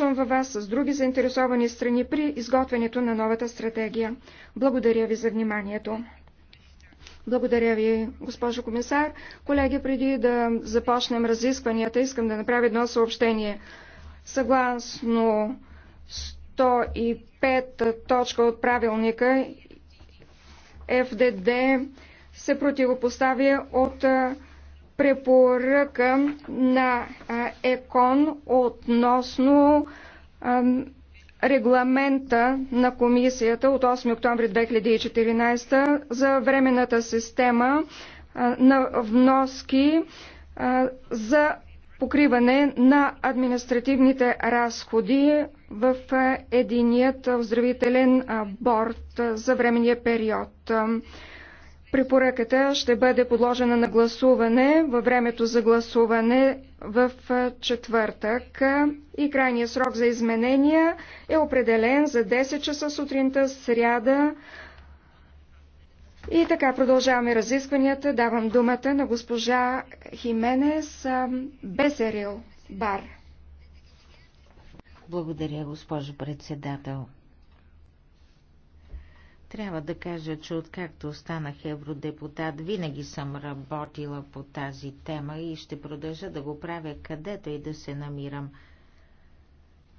Във вас с други заинтересовани страни при изготвянето на новата стратегия. Благодаря ви за вниманието. Благодаря ви, госпожо комисар. Колеги, преди да започнем разискванията, искам да направя едно съобщение. Съгласно 105 точка от правилника, ФДД се противопоставя от препоръка на ЕКОН относно регламента на комисията от 8 октомври 2014 за временната система на вноски за покриване на административните разходи в единият оздравителен борт за временния период. Препоръката ще бъде подложена на гласуване във времето за гласуване в четвъртък и крайният срок за изменения е определен за 10 часа сутринта, сряда. И така продължаваме разискванията. Давам думата на госпожа Хименес Бесерил Бар. Благодаря, госпожо председател. Трябва да кажа, че откакто станах евродепутат, винаги съм работила по тази тема и ще продължа да го правя където и да се намирам –